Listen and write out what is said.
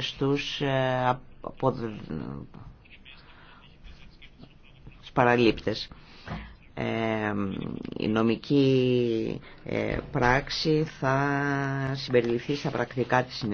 Ε, στους παραλήπτες. Ε, η νομική ε, πράξη θα συμπεριληφθεί στα πρακτικά της